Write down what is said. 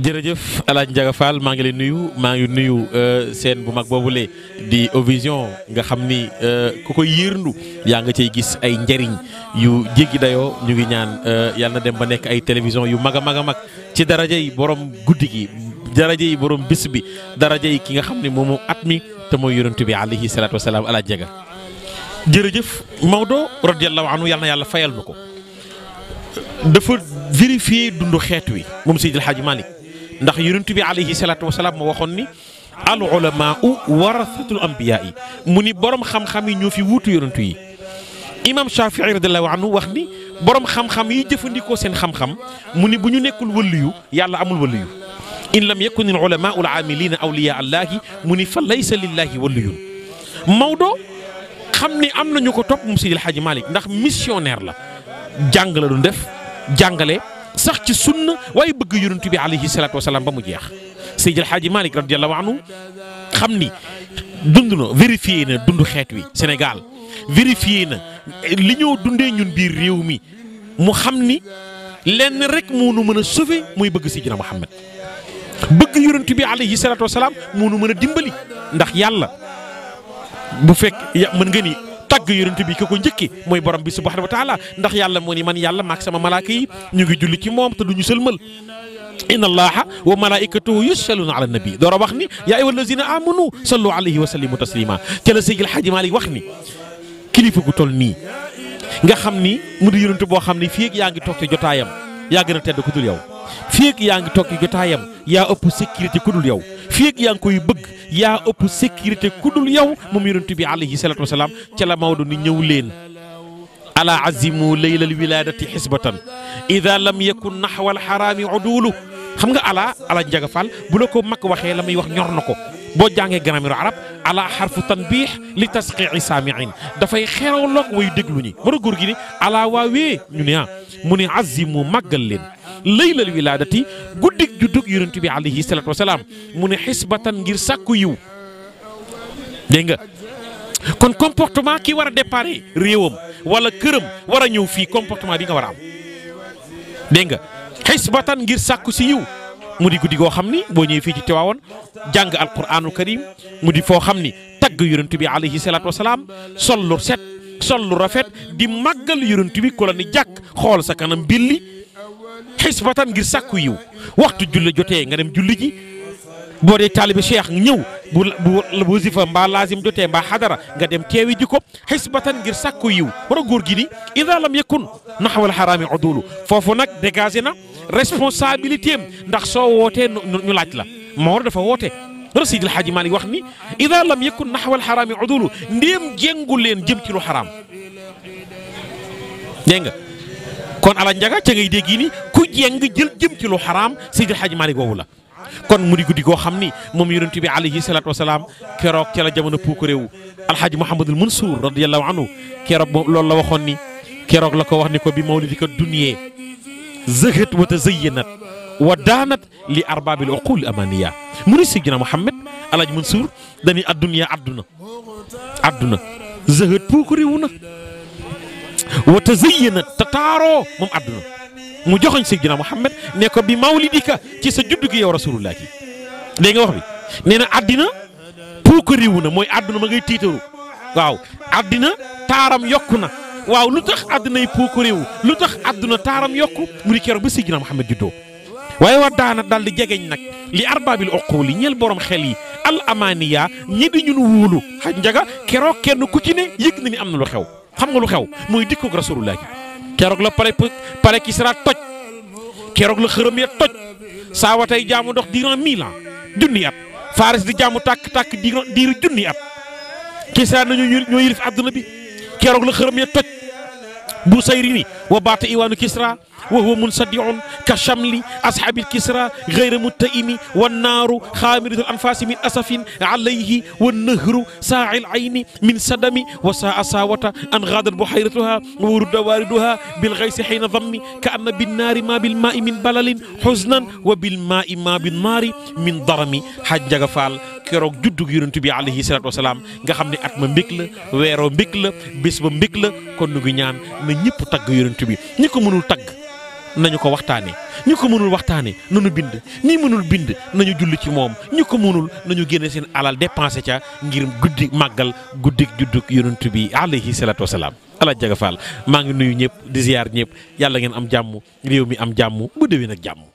jërëjëf El Hadj Ndiaga maa ngi lay nuyu maa ngi nuyu euh, seen bu mag boobu boobule di Ovision nga xam ni euh, ku koy yërndu yaa nga cay gis ay njariñ yu jéggi dayoo ñu ngi ñaan euh, yàlla na dem ba nekk ay télévision yu mag a mag a mag ci daraja yi borom guddi gi daraja yi borom bis bi daraja yi ki nga xam ni moom at mi te mooy yonent bi alayhi salaatu wasalaam El Hadj Ndiaga jërëjëf Maodo radiyallahu anhu yàlla yàlla fayal nu ko dafa vérifier dundu xeet wi moom Seydil Hadji ndax yonent bi alayhi salatu wasalaam mo waxon ni al ulama warathatul anbiya muni borom xam-xam yi ñoo fi wutu yonent yi imam Shafii radhiyallahu anhu wax ni borom xam-xam yi jëfëndiko seen xam-xam muni buñu nekkul wëliyu yàlla amul wëliyu in lam yakun al ulama al amilin awliya allah muni fa laysa lillahi waliyun mawdo xamni amna ñuko top ko topp mu Seydi El Hadji ndax missionnaire la jangale du def jàngale sax ci sunna waaye bëgg yonent bi alayhi salaatu wasalaam ba mu jeex Seydi El Hadji Malick radiyallahu anhu xam ni dund na dund xeet wi Sénégal vérifié na li ñoo dundee ñun biir réew mi mu xam ni lenn rek moo nu mën a sauver muy bëgg Seydina Muhammad bëgg yonent bi alayhi salaatu salaam moo nu mën a dimbali ndax yàlla bu fekk mën nga ni tagg yonent bi ki ko njëkki mooy borom bi subhanahu wa taala ndax yàlla moo ni man yàlla maak sama malaaka yi ñu ngi julli ci moom te duñu sëlmal inna allaha wa malaikatahu yusalluna ala nabi door a wax ni yaa ayyuha allazina amanu sallu alayhi wa sallimu taslima ca la Seydil Hadji Malick wax ni kilifa ku toll nii nga xam ni mu di yonent boo xam ni fii yaa ngi toog ci jotaayam yaa gën a tedd ku dul yow yaa ngi toog ci jotaayam yaa ëpp sécurité ku yow fiek yang koy bëgg ya upp sécurité kudul yow moom yonent bi alayhi salatu wa ci la mawdu ni ñëw leen. ala azimu laylal wilaadati hisbatan idha lam yakun naxwa alxaraami udulu xam nga ala ala jagafal bu lako mak waxe lamay wax ñor nako bo jange gramir arab ala harfu tanbih li tasqii saamiin dafay xerawloog way déglu ñi mën a góor ala wawe ñu ne ha muni azimu magal leen. laylal wilaadati guddik juddug yaronte bi alayhi salatu wasalaam mu hisbatan ngir sakku yu denga kon comportement ki wara a déparé wala kërëm wara ñew fi comportement bi nga wara am denga hisbatan ngir sakku si yu mudi guddi go xamni bo ñew fi ci Tiwaawoon jang alquranul karim mudi di xamni tag yaronte bi alayhi salatu wasalaam sol lu set sol lu rafet di magal yaronte bi ko la ni jak xol sa kanam billi xisbatan ngir sàkku yiw waxtu julli jotee nga dem julli ji boo dee taalibe cheikh ñëw bu bu wasifa mbaa laazim jotee mbaa xadara nga dem teewi ji ko xisbatan ngir sàkku yiw war a góor gi ni ida lam yakun naxawal xaraami udulu foofu nag dégagé na responsabilité am ndax soo wootee ñu laaj la Mawar dafa woote dara Seydil Hadji Malick wax ni ida lam yakun naxawal xaraami udulu ndéem jéngu leen jëm ci lu xaraam dégg kon ala njaga ca ngay dégg ni ku jeng jël jëm ci lu xaraam Seydil Hadji Malick woowu la kon mu di guddi goo xam ni moom yonent bi alayhi salaatu wasalaam keroog ca la jamono puuk réew alxaaji Mouhamadul Mansour radiyallahu anhu keroog moom loolu la waxoon ni keroog la ko wax ni ko bi mawlidika dunyee zëhët wa tazayyanat wa daanat li arbaabil uqul amaniya mu ni Seydina Mouhamed alxaaji Mansour dañuy adduniya adduna adduna zëhët puuk réew na wa tazayyana te taaroo moom àdduna mu joxoñ Seydina Muhammad ne ko bi mawlidika ci sa juddu gi yow rasulullah ki dégg nga wax bi nee na àddina puukariwu na mooy àdduna ma ngay tiitaru waaw àddina taaram yokk na waaw lu tax àdduna yi puukariwu lu tax àdduna taaram yokk mu di keroog ba Seydina Muhammad juddoo waaye wa daana daal di jegeñ nag li arbaabil oquli ñeel borom xel yi al amaaniya ñi di ñun wóolu xaj njaga keroog kenn ku ci ne yëg na ni am na lu xew xam nga lu xew muy dikkug rasulullah gi keroog la pare pare Kisra toj keroog la xërëm ya toj saawa tey jaamu dox diiran mille ans junni at Faris di jaamu tàkk-tàkk diir diiru junni at Kisra nañu ñoo yilif àdduna bi keroog la xërëm ya toj bu sayri ni wa baata iwaanu Kisra وهو منصدع كشمل أصحاب الكسرى غير متئم والنار خامرة الأنفاس من أسف عليه والنهر ساع العين من سدم وساء ساوة أن غادر بحيرتها ورد واردها بالغيس حين ضم كأن بالنار ما بالماء من بلل حزنا وبالماء ما بالنار من ضرم حج غفال keroog juddu gi yonent عليه الصلاة والسلام wasalaam nga xam بكل ويرو بكل mbég la weeroo mbég la bés ba mbég la kon nu ngi ñaan nañu ko waxtaanee ñu ko mënul waxtaanee nañu bind ñi mënul bind nañu julli ci moom ñu ko mënul nañu génn seen alal dépensé ca ngir guddi màggal guddik judduk yonent bi alayhi salaatu wasalaam ala jaga faal maa ngi nuyu ñëpp di ziar ñëpp yàlla ngeen am jàmm réew mi am jàmm bu déwén nag jàmm